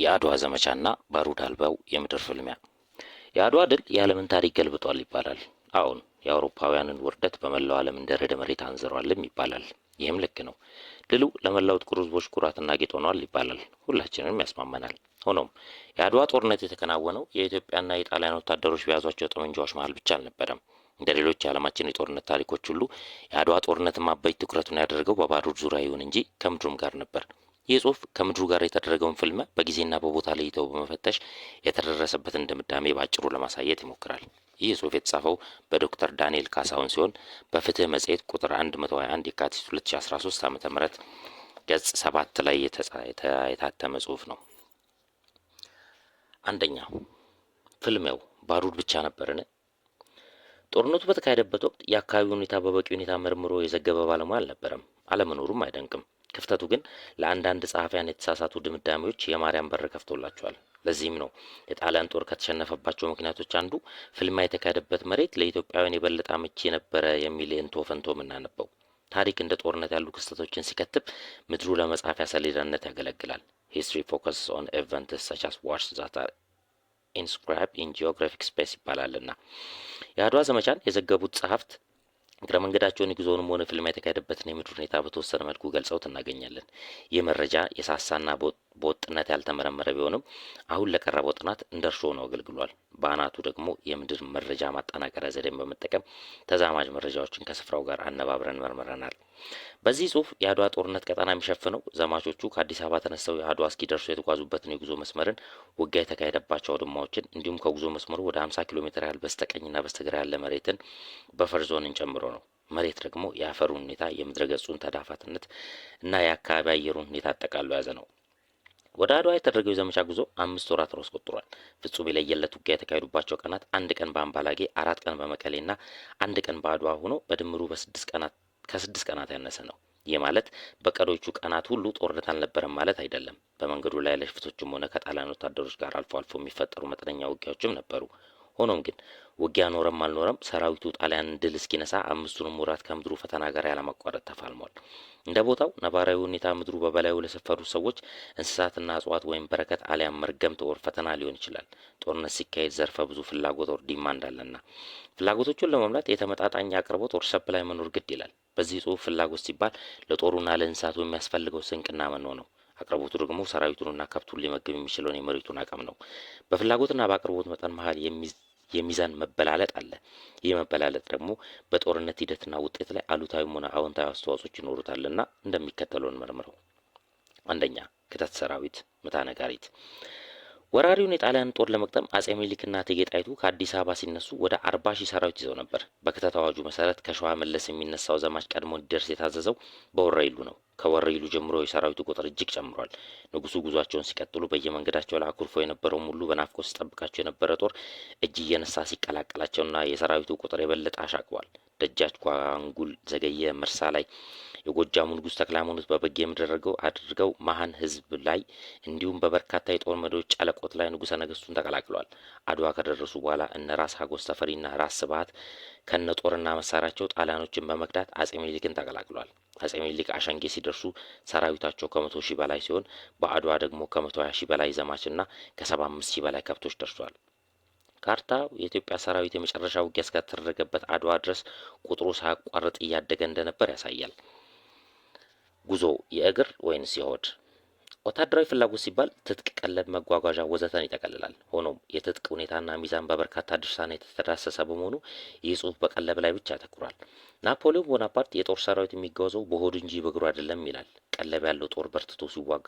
የአድዋ ዘመቻና ባሩድ አልባው የምድር ፍልሚያ። የአድዋ ድል የዓለምን ታሪክ ገልብጧል ይባላል። አሁን የአውሮፓውያንን ውርደት በመላው ዓለም እንደ ርዕደ መሬት አንዝሯልም ይባላል። ይህም ልክ ነው። ድሉ ለመላው ጥቁር ሕዝቦች ኩራትና ጌጥ ሆኗል ይባላል። ሁላችንም ያስማመናል ሆኖም የአድዋ ጦርነት የተከናወነው የኢትዮጵያና የጣሊያን ወታደሮች በያዟቸው ጠመንጃዎች መሀል ብቻ አልነበረም። እንደ ሌሎች የዓለማችን የጦርነት ታሪኮች ሁሉ የአድዋ ጦርነት አበይት ትኩረቱን ያደረገው በባሩድ ዙሪያ ይሁን እንጂ ከምድሩም ጋር ነበር። ይህ ጽሁፍ ከምድሩ ጋር የተደረገውን ፍልመ በጊዜና በቦታ ለይተው በመፈተሽ የተደረሰበትን ድምዳሜ በአጭሩ ለማሳየት ይሞክራል። ይህ ጽሁፍ የተጻፈው በዶክተር ዳንኤል ካሳሁን ሲሆን በፍትህ መጽሔት ቁጥር 121 የካቲት 2013 ዓ ም ገጽ 7 ላይ የታተመ ጽሁፍ ነው። አንደኛ ፍልሚያው ባሩድ ብቻ ነበርን? ጦርነቱ በተካሄደበት ወቅት የአካባቢው ሁኔታ በበቂ ሁኔታ መርምሮ የዘገበ ባለሙያ አልነበረም። አለመኖሩም አይደንቅም። ክፍተቱ ግን ለአንዳንድ ጸሐፊያን የተሳሳቱ ድምዳሜዎች የማርያም በር ከፍቶላቸዋል። ለዚህም ነው የጣሊያን ጦር ከተሸነፈባቸው ምክንያቶች አንዱ ፍልሚያ የተካሄደበት መሬት ለኢትዮጵያውያን የበለጠ አመቺ የነበረ የሚል እንቶ ፈንቶ የምናነበው። ታሪክ እንደ ጦርነት ያሉ ክስተቶችን ሲከትብ ምድሩ ለመጻፊያ ሰሌዳነት ያገለግላል። ሂስትሪ ፎከስ ኦን ኤቨንትስ ሰች አስ ዋርስ ዛት አር ኢንስክራይብድ ኢን ጂኦግራፊክ ስፔስ ይባላልና የአድዋ ዘመቻን የዘገቡት ጸሐፍት እግረ መንገዳቸውን የጉዞውንም ሆነ ፊልማ የተካሄደበትን የምድር ሁኔታ በተወሰነ መልኩ ገልጸውት እናገኛለን። ይህ መረጃ የሳሳና ቦጥ በወጥነት ያልተመረመረ ቢሆንም አሁን ለቀረበው ጥናት እንደ እርሾ ነው አገልግሏል። በአናቱ ደግሞ የምድር መረጃ ማጠናቀሪያ ዘዴን በመጠቀም ተዛማጅ መረጃዎችን ከስፍራው ጋር አነባብረን መርምረናል። በዚህ ጽሁፍ የአድዋ ጦርነት ቀጠና የሚሸፍነው ዘማቾቹ ከአዲስ አበባ ተነስተው የአድዋ እስኪደርሱ የተጓዙበትን የጉዞ መስመርን፣ ውጊያ የተካሄደባቸው አውድማዎችን እንዲሁም ከጉዞ መስመሩ ወደ 50 ኪሎ ሜትር ያህል በስተቀኝና በስተግራ ያለ መሬትን በፈር ዞንን ጨምሮ ነው። መሬት ደግሞ የአፈሩን ሁኔታ፣ የምድረገጹን ተዳፋትነት እና የአካባቢ አየሩን ሁኔታ አጠቃሉ የያዘ ነው። ወደ አድዋ የተደረገው የዘመቻ ጉዞ አምስት ወራት ነው አስቆጥሯል። ፍጹም የለየለት ውጊያ የተካሄዱባቸው ቀናት አንድ ቀን በአምባላጌ፣ አራት ቀን በመቀሌና አንድ ቀን በአድዋ ሆኖ በድምሩ በስድስት ቀናት ከስድስት ቀናት ያነሰ ነው። ይህ ማለት በቀዶቹ ቀናት ሁሉ ጦርነት አልነበረም ማለት አይደለም። በመንገዱ ላይ ለሽፍቶችም ሆነ ከጣሊያን ወታደሮች ጋር አልፎ አልፎ የሚፈጠሩ መጠነኛ ውጊያዎችም ነበሩ። ሆኖም ግን ውጊያ ኖረም አልኖረም ሰራዊቱ ጣሊያን ድል እስኪነሳ አምስቱንም ወራት ከምድሩ ፈተና ጋር ያለማቋረጥ ተፋልሟል። እንደ ቦታው ነባራዊ ሁኔታ ምድሩ በበላዩ ለሰፈሩ ሰዎች እንስሳትና እጽዋት ወይም በረከት አሊያም መርገም ተወር ፈተና ሊሆን ይችላል። ጦርነት ሲካሄድ ዘርፈ ብዙ ፍላጎት ወር ዲማንድ አለና ፍላጎቶቹን ለመምላት የተመጣጣኝ አቅርቦት ወር ሰፕላይ መኖር ግድ ይላል። በዚህ ጽሁፍ ፍላጎት ሲባል ለጦሩና ለእንስሳቱ የሚያስፈልገው ስንቅና መኖ ነው። አቅርቦቱ ደግሞ ሰራዊቱንና ከብቱን ሊመግብ የሚችለውን የመሬቱን አቅም ነው። በፍላጎትና በአቅርቦት መጠን መሀል የሚዝ የሚዛን መበላለጥ አለ። ይህ መበላለጥ ደግሞ በጦርነት ሂደትና ውጤት ላይ አሉታዊም ሆነ አዎንታዊ አስተዋጽኦች ይኖሩታልና እንደሚከተለውን መርምረው አንደኛ ክተት ሰራዊት፣ ምታ ነጋሪት። ወራሪውን የጣሊያን ጦር ለመቅጠም አጼ ምኒልክና እቴጌ ጣይቱ ከአዲስ አበባ ሲነሱ ወደ አርባ ሺህ ሰራዊት ይዘው ነበር። በክተት አዋጁ መሰረት ከሸዋ መለስ የሚነሳው ዘማች ቀድሞ እንዲደርስ የታዘዘው በወረይሉ ነው። ከወረይሉ ጀምሮ የሰራዊቱ ቁጥር እጅግ ጨምሯል። ንጉሱ ጉዟቸውን ሲቀጥሉ በየመንገዳቸው ላይ አኩርፎ የነበረውም ሁሉ በናፍቆት ሲጠብቃቸው የነበረ ጦር እጅ እየነሳ ሲቀላቀላቸውና የሰራዊቱ ቁጥር የበለጠ አሻቅቧል። ደጃች ኳንጉል ዘገየ መርሳ ላይ የጎጃሙ ንጉስ ተክለ ሃይማኖት በበጌ የምደረገው አድርገው መሀን ህዝብ ላይ እንዲሁም በበርካታ የጦር መሪዎች ጨለቆት ላይ ንጉሰ ነገስቱን ተቀላቅሏል። አድዋ ከደረሱ በኋላ እነ ራስ ሀጎስ ተፈሪና ራስ ስብሀት ከነ ጦርና መሳሪያቸው ጣሊያኖችን በመክዳት አጼ ሚኒሊክን ተቀላቅሏል አጼ ሚኒሊክ አሸንጌ ሲደርሱ ሰራዊታቸው ከመቶ ሺህ በላይ ሲሆን በአድዋ ደግሞ ከመቶ ሀያ ሺህ በላይ ዘማችና ከሰባ አምስት ሺህ በላይ ከብቶች ደርሷል። ካርታ የኢትዮጵያ ሰራዊት የመጨረሻ ውጊያ እስከተደረገበት አድዋ ድረስ ቁጥሩ ሳያቋርጥ እያደገ እንደነበር ያሳያል። ጉዞ የእግር ወይንስ የሆድ? ወታደራዊ ፍላጎት ሲባል ትጥቅ፣ ቀለብ፣ መጓጓዣ ወዘተን ይጠቀልላል። ሆኖም የትጥቅ ሁኔታና ሚዛን በበርካታ ድርሳና የተዳሰሰ በመሆኑ ይህ ጽሁፍ በቀለብ ላይ ብቻ ያተኩራል። ናፖሊዮን ቦናፓርት የጦር ሰራዊት የሚጓዘው በሆዱ እንጂ በእግሩ አይደለም ይላል። ቀለብ ያለው ጦር በርትቶ ሲዋጋ፣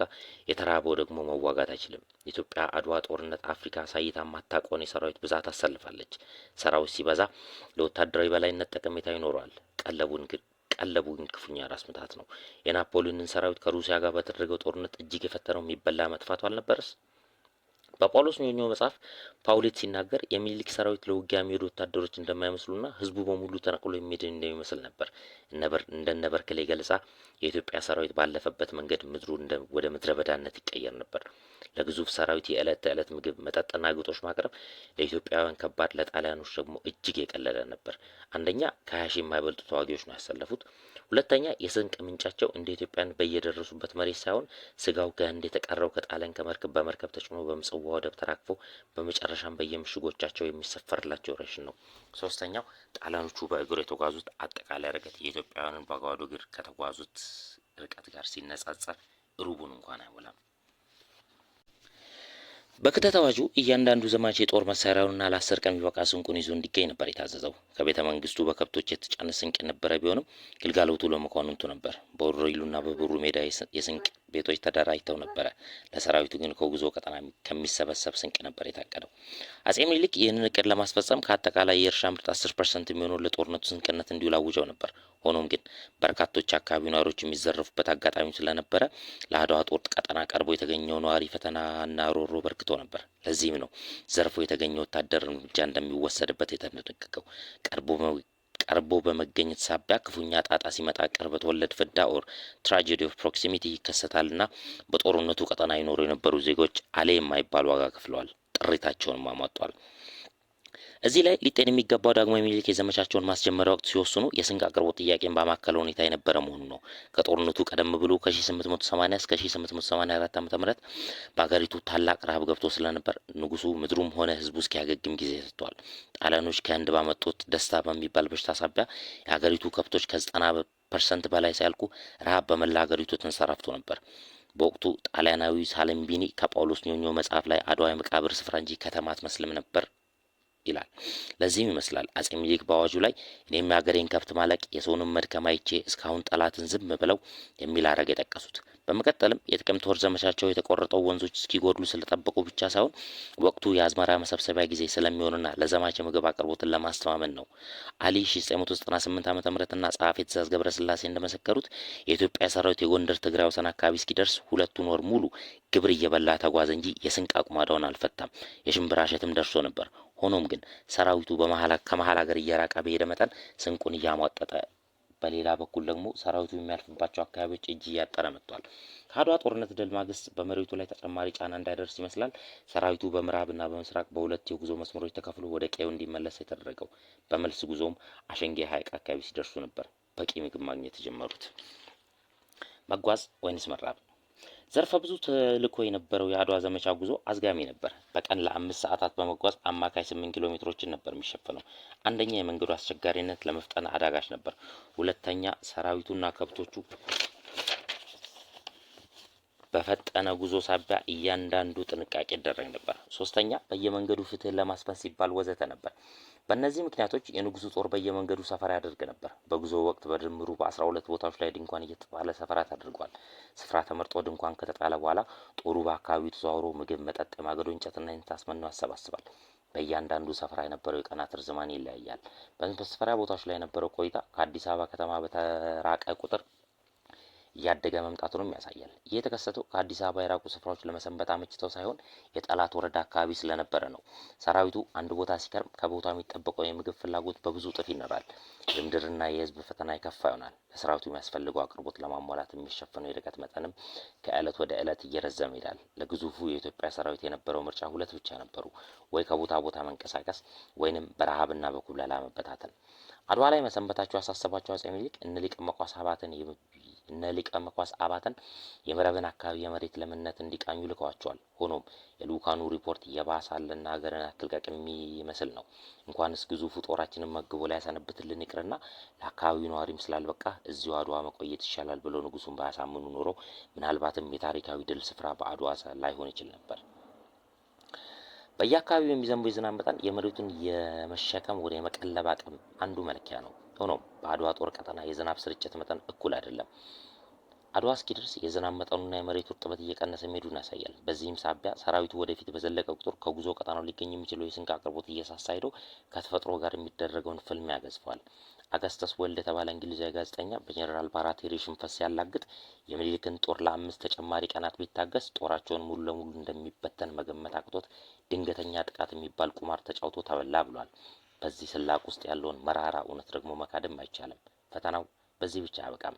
የተራበው ደግሞ መዋጋት አይችልም። ኢትዮጵያ አድዋ ጦርነት አፍሪካ ሳይታ የማታውቀውን የሰራዊት ብዛት አሰልፋለች። ሰራዊት ሲበዛ ለወታደራዊ በላይነት ጠቀሜታ ይኖረዋል። ቀለቡን ግን ቀለቡኝ ክፉኛ ራስ ምታት ነው። የናፖሊዮንን ሰራዊት ከሩሲያ ጋር በተደረገው ጦርነት እጅግ የፈተነው የሚበላ መጥፋቱ አልነበረስ? በጳውሎስ ኞኞ መጽሐፍ ፓውሌት ሲናገር የሚኒሊክ ሰራዊት ለውጊያ የሚሄዱ ወታደሮች እንደማይመስሉና ህዝቡ በሙሉ ተነቅሎ የሚሄድ እንደሚመስል ነበር። እንደነ በርክሌ ገለጻ የኢትዮጵያ ሰራዊት ባለፈበት መንገድ ምድሩ ወደ ምድረ በዳነት ይቀየር ነበር። ለግዙፍ ሰራዊት የዕለት ተዕለት ምግብ፣ መጠጥና ግጦሽ ማቅረብ ለኢትዮጵያውያን ከባድ፣ ለጣሊያኖች ደግሞ እጅግ የቀለለ ነበር። አንደኛ ከሀያ ሺህ የማይበልጡ ተዋጊዎች ነው ያሰለፉት። ሁለተኛ የስንቅ ምንጫቸው እንደ ኢትዮጵያን በየደረሱበት መሬት ሳይሆን ስጋው ገንድ የተቀረው ከጣሊያን ከመርከብ በመርከብ ተጭኖ በምጽዋ ወደብ ተራክፎ በመጨረሻም በየምሽጎቻቸው የሚሰፈርላቸው ሬሽን ነው። ሶስተኛው ጣሊያኖቹ በእግር የተጓዙት አጠቃላይ ርቀት የኢትዮጵያውያንን በባዶ እግር ከተጓዙት ርቀት ጋር ሲነጻጸር ሩቡን እንኳን አይሞላም። በክተት አዋጁ እያንዳንዱ ዘማች የጦር መሳሪያውንና ለአስር ቀን የሚበቃ ስንቁን ይዞ እንዲገኝ ነበር የታዘዘው። ከቤተ መንግስቱ በከብቶች የተጫነ ስንቅ የነበረ ቢሆንም ግልጋሎቱ ለመኳንንቱ ነበር። በወሮ ይሉና በብሩ ሜዳ የስንቅ ቤቶች ተደራጅተው ነበረ። ለሰራዊቱ ግን ከጉዞ ቀጠና ከሚሰበሰብ ስንቅ ነበር የታቀደው። አጼ ምኒልክ ይህንን እቅድ ለማስፈጸም ከአጠቃላይ የእርሻ ምርት አስር ፐርሰንት የሚሆነው ለጦርነቱ ስንቅነት እንዲውል አውጀው ነበር። ሆኖም ግን በርካቶች አካባቢ ነዋሪዎች የሚዘረፉበት አጋጣሚ ስለነበረ ለአድዋ ጦር ቀጠና ቀርቦ የተገኘው ነዋሪ ፈተናና ሮሮ በርክቶ ነበር። ለዚህም ነው ዘርፎ የተገኘ ወታደር እርምጃ እንደሚወሰድበት የተደነገገው ቀርቦ ቀርቦ በመገኘት ሳቢያ ክፉኛ ጣጣ ሲመጣ ቅርበት ወለድ ፍዳ ኦር ትራጀዲ ኦፍ ፕሮክሲሚቲ ይከሰታልና በጦርነቱ ቀጠና ይኖሩ የነበሩ ዜጎች አሌ የማይባል ዋጋ ከፍለዋል፣ ጥሪታቸውንም አሟጧል። እዚህ ላይ ሊጤን የሚገባው ዳግማዊ ምኒልክ የዘመቻቸውን ማስጀመሪያ ወቅት ሲወስኑ የስንቅ አቅርቦት ጥያቄን በማከለ ሁኔታ የነበረ መሆኑ ነው። ከጦርነቱ ቀደም ብሎ ከ1880 እስከ 1884 ም በሀገሪቱ ታላቅ ረሃብ ገብቶ ስለነበር ንጉሱ ምድሩም ሆነ ህዝቡ እስኪያገግም ጊዜ ሰጥቷል። ጣሊያኖች ከህንድ ባመጡት ደስታ በሚባል በሽታ ሳቢያ የሀገሪቱ ከብቶች ከዘጠና ፐርሰንት በላይ ሲያልቁ ረሃብ በመላ ሀገሪቱ ተንሰራፍቶ ነበር። በወቅቱ ጣሊያናዊ ሳለምቢኒ ከጳውሎስ ኞኞ መጽሐፍ ላይ አድዋ የመቃብር ስፍራ እንጂ ከተማ አትመስልም ነበር ይላል። ለዚህም ይመስላል አጼ ምኒልክ በአዋጁ ላይ እኔም የሀገሬን ከብት ማለቅ የሰውንም መድከም አይቼ እስካሁን ጠላትን ዝም ብለው የሚል አረግ የጠቀሱት። በመቀጠልም የጥቅምት ወር ዘመቻቸው የተቆረጠው ወንዞች እስኪጎድሉ ስለጠበቁ ብቻ ሳይሆን ወቅቱ የአዝመራ መሰብሰቢያ ጊዜ ስለሚሆንና ለዘማች የምግብ አቅርቦትን ለማስተማመን ነው። አሊ 1998 ዓ ምና ጸሐፊ ትእዛዝ ገብረስላሴ እንደመሰከሩት የኢትዮጵያ ሰራዊት የጎንደር ትግራይ ወሰን አካባቢ እስኪደርስ ሁለቱን ወር ሙሉ ግብር እየበላ ተጓዘ እንጂ የስንቅ አቁማዳውን አልፈታም። የሽምብራ እሸትም ደርሶ ነበር። ሆኖም ግን ሰራዊቱ ከመሀል ሀገር እየራቀ በሄደ መጠን ስንቁን እያሟጠጠ በሌላ በኩል ደግሞ ሰራዊቱ የሚያልፍባቸው አካባቢዎች እጅ እያጠረ መጥቷል። ከአድዋ ጦርነት ድል ማግስት በመሬቱ ላይ ተጨማሪ ጫና እንዳይደርስ ይመስላል ሰራዊቱ በምዕራብና በምስራቅ በሁለት የጉዞ መስመሮች ተከፍሎ ወደ ቀዩ እንዲመለስ የተደረገው። በመልስ ጉዞም አሸንጌ ሐይቅ አካባቢ ሲደርሱ ነበር በቂ ምግብ ማግኘት የጀመሩት። መጓዝ ወይንስ መራብ? ዘርፈ ብዙ ተልዕኮ የነበረው የአድዋ ዘመቻ ጉዞ አዝጋሚ ነበር። በቀን ለአምስት ሰዓታት በመጓዝ አማካይ ስምንት ኪሎ ሜትሮችን ነበር የሚሸፈነው። አንደኛ የመንገዱ አስቸጋሪነት ለመፍጠን አዳጋች ነበር። ሁለተኛ ሰራዊቱና ከብቶቹ በፈጠነ ጉዞ ሳቢያ እያንዳንዱ ጥንቃቄ ይደረግ ነበር። ሶስተኛ በየመንገዱ ፍትህን ለማስፈን ሲባል ወዘተ ነበር። በእነዚህ ምክንያቶች የንጉሱ ጦር በየመንገዱ ሰፈራ ያደርግ ነበር። በጉዞ ወቅት በድምሩ በአስራ ሁለት ቦታዎች ላይ ድንኳን እየተጣለ ሰፈራ ተደርጓል። ስፍራ ተመርጦ ድንኳን ከተጣለ በኋላ ጦሩ በአካባቢው ተዘዋውሮ ምግብ፣ መጠጥ፣ የማገዶ እንጨትና የንታስ መኖ ያሰባስባል። በእያንዳንዱ ሰፈራ የነበረው የቀናት ርዝማን ይለያያል። በስፈራ ቦታዎች ላይ የነበረው ቆይታ ከአዲስ አበባ ከተማ በተራቀ ቁጥር እያደገ መምጣቱንም ያሳያል። ይህ የተከሰተው ከአዲስ አበባ የራቁ ስፍራዎች ለመሰንበት አመችተው ሳይሆን የጠላት ወረዳ አካባቢ ስለነበረ ነው። ሰራዊቱ አንድ ቦታ ሲከርም ከቦታው የሚጠበቀው የምግብ ፍላጎት በብዙ እጥፍ ይኖራል። የምድርና የህዝብ ፈተና የከፋ ይሆናል። ለሰራዊቱ የሚያስፈልገው አቅርቦት ለማሟላት የሚሸፈነው የርቀት መጠንም ከእለት ወደ እለት እየረዘመ ይሄዳል። ለግዙፉ የኢትዮጵያ ሰራዊት የነበረው ምርጫ ሁለት ብቻ ነበሩ፤ ወይ ከቦታ ቦታ መንቀሳቀስ ወይንም በረሃብና በኩብለላ መበታተን። አድዋ ላይ መሰንበታቸው ያሳሰባቸው አጼ ምኒልክ እነ ሊቀ መኳስ ሀባትን እነ ሊቀ መኳስ አባተን የምዕራብን አካባቢ የመሬት ለምነት እንዲቃኙ ልከዋቸዋል። ሆኖም የልኡካኑ ሪፖርት የባሳለና ሀገርን አትልቀቅ የሚመስል ነው። እንኳንስ ግዙፉ ጦራችንን መግቦ ላይ ያሰነብትልን ይቅርና ለአካባቢው ነዋሪም ስላልበቃ እዚሁ አድዋ መቆየት ይሻላል ብለው ንጉሱን ባያሳምኑ ኖሮ ምናልባትም የታሪካዊ ድል ስፍራ በአድዋ ላይሆን ይችል ነበር። በየአካባቢው የሚዘንበው የዝናብ መጠን የመሬቱን የመሸከም ወደ የመቀለብ አቅም አንዱ መለኪያ ነው። ነው። በአድዋ ጦር ቀጠና የዝናብ ስርጭት መጠን እኩል አይደለም። አድዋ እስኪደርስ የዝናብ መጠኑና የመሬቱ እርጥበት እየቀነሰ መሄዱን ያሳያል። በዚህም ሳቢያ ሰራዊቱ ወደፊት በዘለቀ ቁጥር ከጉዞ ቀጠናው ሊገኝ የሚችለው የስንቅ አቅርቦት እየሳሳ ሄዶ ከተፈጥሮ ጋር የሚደረገውን ፍልም ያገዝፈዋል። አገስተስ ወልድ የተባለ እንግሊዛዊ ጋዜጠኛ በጀኔራል ባራቴሪ ሽንፈት ሲያላግጥ የምኒልክን ጦር ለአምስት ተጨማሪ ቀናት ቢታገስ ጦራቸውን ሙሉ ለሙሉ እንደሚበተን መገመት አቅቶት ድንገተኛ ጥቃት የሚባል ቁማር ተጫውቶ ተበላ ብሏል። በዚህ ስላቅ ውስጥ ያለውን መራራ እውነት ደግሞ መካድም አይቻልም። ፈተናው በዚህ ብቻ አያበቃም።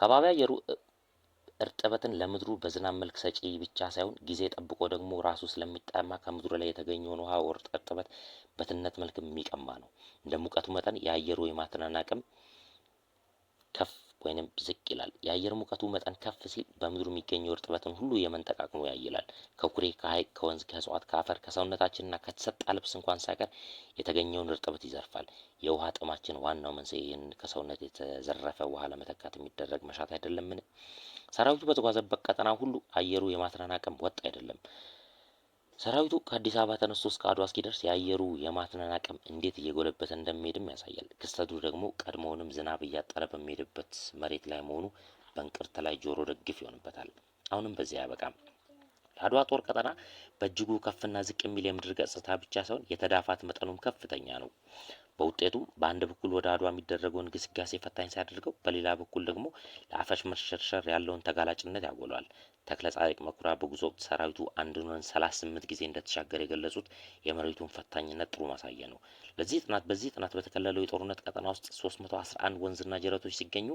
ከባቢ አየሩ እርጥበትን ለምድሩ በዝናብ መልክ ሰጪ ብቻ ሳይሆን ጊዜ ጠብቆ ደግሞ ራሱ ስለሚጣማ ከምድሩ ላይ የተገኘውን ውሃ እርጥበት በትነት መልክ የሚቀማ ነው። እንደ ሙቀቱ መጠን የአየሩ የማትነን አቅም ከፍ ወይንም ዝቅ ይላል። የአየር ሙቀቱ መጠን ከፍ ሲል በምድሩ የሚገኘው እርጥበትን ሁሉ የመንጠቅ አቅሙ ያይላል። ከኩሬ፣ ከሀይቅ ከወንዝ፣ ከእጽዋት፣ ከአፈር፣ ከሰውነታችንና ከተሰጣ ልብስ እንኳን ሳይቀር የተገኘውን እርጥበት ይዘርፋል። የውሃ ጥማችን ዋናው መንስኤ ይህን ከሰውነት የተዘረፈ ውሃ ለመተካት የሚደረግ መሻት አይደለምን? ሰራዊቱ በተጓዘበት ቀጠና ሁሉ አየሩ የማትናናቅም ወጥ አይደለም። ሰራዊቱ ከአዲስ አበባ ተነስቶ እስከ አድዋ እስኪደርስ የአየሩ የማትነን አቅም እንዴት እየጎለበተ እንደሚሄድም ያሳያል። ክስተቱ ደግሞ ቀድሞውንም ዝናብ እያጠረ በሚሄድበት መሬት ላይ መሆኑ በእንቅርት ላይ ጆሮ ደግፍ ይሆንበታል። አሁንም በዚያ አያበቃም። ለአድዋ ጦር ቀጠና በእጅጉ ከፍና ዝቅ የሚል የምድር ገጽታ ብቻ ሳይሆን የተዳፋት መጠኑም ከፍተኛ ነው። በውጤቱ በአንድ በኩል ወደ አድዋ የሚደረገውን ግስጋሴ ፈታኝ ሲያደርገው፣ በሌላ በኩል ደግሞ ለአፈሽ መሸርሸር ያለውን ተጋላጭነት ያጎለዋል። ተክለ ጻድቅ መኩሪያ በጉዞ ወቅት ሰራዊቱ አንዱንን ሰላሳ ስምንት ጊዜ እንደተሻገረ የገለጹት የመሬቱን ፈታኝነት ጥሩ ማሳያ ነው። ለዚህ ጥናት በዚህ ጥናት በተከለለው የጦርነት ቀጠና ውስጥ 311 ወንዝና ጀረቶች ሲገኙ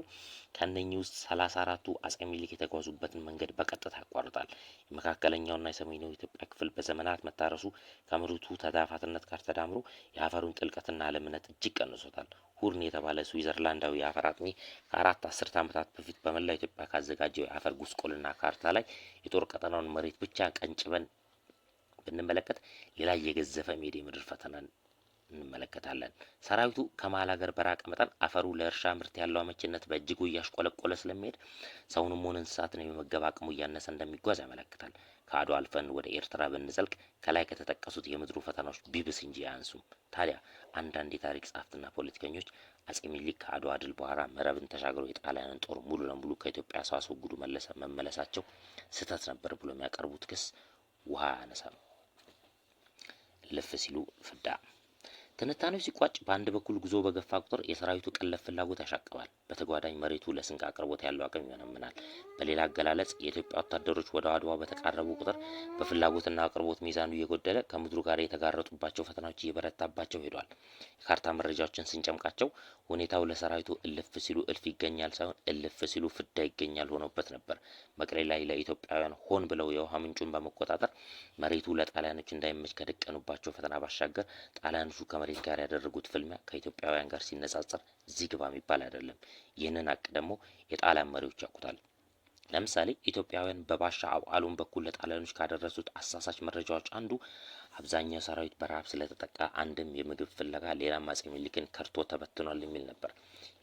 ከነኚ ውስጥ 34ቱ አጼ ሚኒሊክ የተጓዙበትን መንገድ በቀጥታ ያቋርጣል። የመካከለኛውና የሰሜናዊ ኢትዮጵያ ክፍል በዘመናት መታረሱ ከመሬቱ ተዳፋትነት ጋር ተዳምሮ የአፈሩን ጥልቀትና ለምነት እጅግ ቀንሶታል። ሁርን የተባለ ስዊዘርላንዳዊ የአፈር አጥኚ ከአራት አስርት ዓመታት በፊት በመላው ኢትዮጵያ ካዘጋጀው የአፈር ጉስቆልና ካርታ ላይ የጦር ቀጠናውን መሬት ብቻ ቀንጭበን ብንመለከት ሌላ የገዘፈ ሜዳ ምድር ፈተናን እንመለከታለን። ሰራዊቱ ከመሀል ሀገር በራቀ መጠን አፈሩ ለእርሻ ምርት ያለው አመችነት በእጅጉ እያሽቆለቆለ ስለሚሄድ ሰውንም ሆነ እንስሳትን የመመገብ አቅሙ እያነሰ እንደሚጓዝ ያመለክታል። ከአድዋ አልፈን ወደ ኤርትራ ብንዘልቅ ከላይ ከተጠቀሱት የምድሩ ፈተናዎች ቢብስ እንጂ አያንሱም። ታዲያ አንዳንድ የታሪክ ጸሐፍትና ፖለቲከኞች አጼ ሚኒሊክ ከአድዋ ድል በኋላ መረብን ተሻግረው የጣሊያንን ጦር ሙሉ ለሙሉ ከኢትዮጵያ መለሰ መመለሳቸው ስህተት ነበር ብሎ የሚያቀርቡት ክስ ውሃ ነው። ልፍ ሲሉ ፍዳ ትንታኔው ሲቋጭ በአንድ በኩል ጉዞ በገፋ ቁጥር የሰራዊቱ ቀለብ ፍላጎት ያሻቅባል፣ በተጓዳኝ መሬቱ ለስንቅ አቅርቦት ያለው አቅም ይመነምናል። በሌላ አገላለጽ የኢትዮጵያ ወታደሮች ወደ አድዋ በተቃረቡ ቁጥር በፍላጎትና አቅርቦት ሚዛኑ እየጎደለ ከምድሩ ጋር የተጋረጡባቸው ፈተናዎች እየበረታባቸው ሄዷል። የካርታ መረጃዎችን ስንጨምቃቸው ሁኔታው ለሰራዊቱ እልፍ ሲሉ እልፍ ይገኛል ሳይሆን እልፍ ሲሉ ፍዳ ይገኛል ሆኖበት ነበር። መቀሌ ላይ ለኢትዮጵያውያን ሆን ብለው የውሃ ምንጩን በመቆጣጠር መሬቱ ለጣሊያኖች እንዳይመች ከደቀኑባቸው ፈተና ባሻገር ጣሊያኖቹ ከስፔን ጋር ያደረጉት ፍልሚያ ከኢትዮጵያውያን ጋር ሲነጻጸር እዚህ ግባ የሚባል አይደለም። ይህንን አቅ ደግሞ የጣሊያን መሪዎች ያውቁታል። ለምሳሌ ኢትዮጵያውያን በባሻ አብዓሎም በኩል ለጣሊያኖች ካደረሱት አሳሳች መረጃዎች አንዱ አብዛኛው ሰራዊት በረሀብ ስለተጠቃ አንድም የምግብ ፍለጋ ሌላ አፄ ምኒልክን ከድቶ ተበትኗል የሚል ነበር።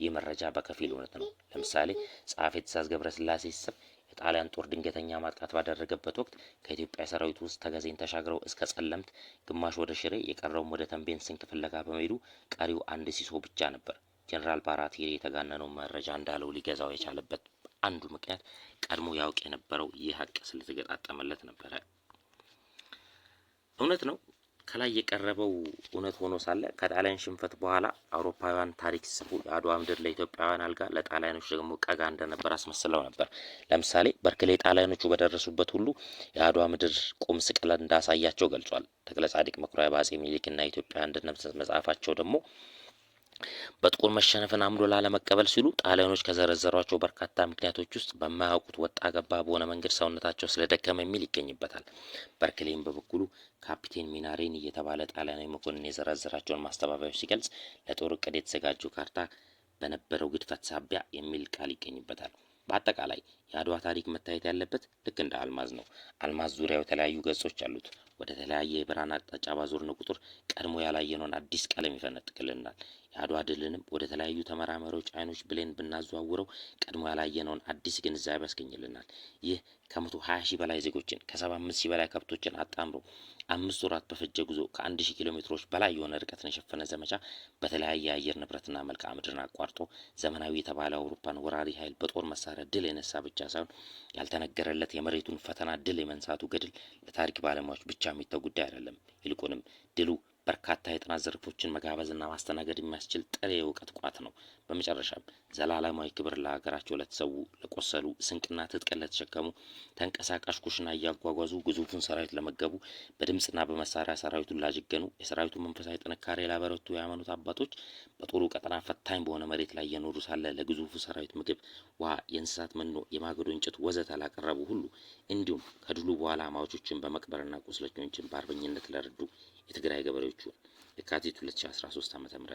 ይህ መረጃ በከፊል እውነት ነው። ለምሳሌ ጸሐፌ ትእዛዝ ገብረስላሴ ስም የጣሊያን ጦር ድንገተኛ ማጥቃት ባደረገበት ወቅት ከኢትዮጵያ ሰራዊት ውስጥ ተገዜን ተሻግረው እስከ ጸለምት፣ ግማሽ ወደ ሽሬ፣ የቀረውም ወደ ተንቤን ስንቅ ፍለጋ በመሄዱ ቀሪው አንድ ሲሶ ብቻ ነበር። ጀኔራል ባራቴሪ የተጋነነው መረጃ እንዳለው ሊገዛው የቻለበት አንዱ ምክንያት ቀድሞ ያውቅ የነበረው ይህ ሀቅ ስለተገጣጠመለት ነበረ። እውነት ነው። ከላይ የቀረበው እውነት ሆኖ ሳለ ከጣሊያን ሽንፈት በኋላ አውሮፓውያን ታሪክ ሲጽፉ የአድዋ ምድር ለኢትዮጵያውያን አልጋ ለጣሊያኖች ደግሞ ቀጋ እንደነበር አስመስለው ነበር። ለምሳሌ በርክሌ ጣሊያኖቹ በደረሱበት ሁሉ የአድዋ ምድር ቁም ስቅለት እንዳሳያቸው ገልጿል። ተክለ ጻድቅ መኩሪያ በአጼ ሚኒሊክና ኢትዮጵያ አንድነት መጽሐፋቸው ደግሞ በጥቁር መሸነፍን አምዶ ላለመቀበል ሲሉ ጣሊያኖች ከዘረዘሯቸው በርካታ ምክንያቶች ውስጥ በማያውቁት ወጣ ገባ በሆነ መንገድ ሰውነታቸው ስለደከመ የሚል ይገኝበታል። በርክሌም በበኩሉ ካፒቴን ሚናሬን እየተባለ ጣሊያናዊ መኮንን የዘረዘራቸውን ማስተባበያዎች ሲገልጽ ለጦር እቅድ የተዘጋጀው ካርታ በነበረው ግድፈት ሳቢያ የሚል ቃል ይገኝበታል። በአጠቃላይ የአድዋ ታሪክ መታየት ያለበት ልክ እንደ አልማዝ ነው። አልማዝ ዙሪያው የተለያዩ ገጾች አሉት። ወደ ተለያየ የብርሃን አቅጣጫ ባዞርን ቁጥር ቀድሞ ያላየነውን አዲስ ቀለም ይፈነጥቅልናል። የአድዋ ድልንም ወደ ተለያዩ ተመራማሪዎች አይኖች ብሌን ብናዘዋውረው ቀድሞ ያላየነውን አዲስ ግንዛቤ ያስገኝልናል። ይህ ከመቶ ሀያ ሺህ በላይ ዜጎችን ከሰባ አምስት ሺህ በላይ ከብቶችን አጣምሮ አምስት ወራት በፈጀ ጉዞ ከአንድ ሺህ ኪሎ ሜትሮች በላይ የሆነ ርቀትን የሸፈነ ዘመቻ በተለያየ የአየር ንብረትና መልክዓ ምድርን አቋርጦ ዘመናዊ የተባለ አውሮፓን ወራሪ ኃይል በጦር መሳሪያ ድል የነሳ ብቻ ብቻ ሳይሆን ያልተነገረለት የመሬቱን ፈተና ድል የመንሳቱ ገድል ለታሪክ ባለሙያዎች ብቻ የሚተው ጉዳይ አይደለም። ይልቁንም ድሉ በርካታ የጥናት ዘርፎችን መጋበዝና ማስተናገድ የሚያስችል ጥሬ እውቀት ቋት ነው። በመጨረሻም ዘላለማዊ ክብር ለሀገራቸው ለተሰዉ፣ ለቆሰሉ፣ ስንቅና ትጥቅን ለተሸከሙ፣ ተንቀሳቃሽ ኩሽና እያጓጓዙ ግዙፉን ሰራዊት ለመገቡ፣ በድምፅና በመሳሪያ ሰራዊቱን ላጀገኑ፣ የሰራዊቱን መንፈሳዊ ጥንካሬ ላበረቱ የሃይማኖት አባቶች በጦሩ ቀጠና ፈታኝ በሆነ መሬት ላይ እየኖሩ ሳለ ለግዙፉ ሰራዊት ምግብ፣ ውሃ፣ የእንስሳት መኖ፣ የማገዶ እንጨት ወዘተ ላቀረቡ ሁሉ እንዲሁም ከድሉ በኋላ ማዎቾችን በመቅበርና ቁስለኞችን በአርበኝነት ለረዱ የትግራይ ገበሬዎቹ የካቲት 2013 ዓ.ም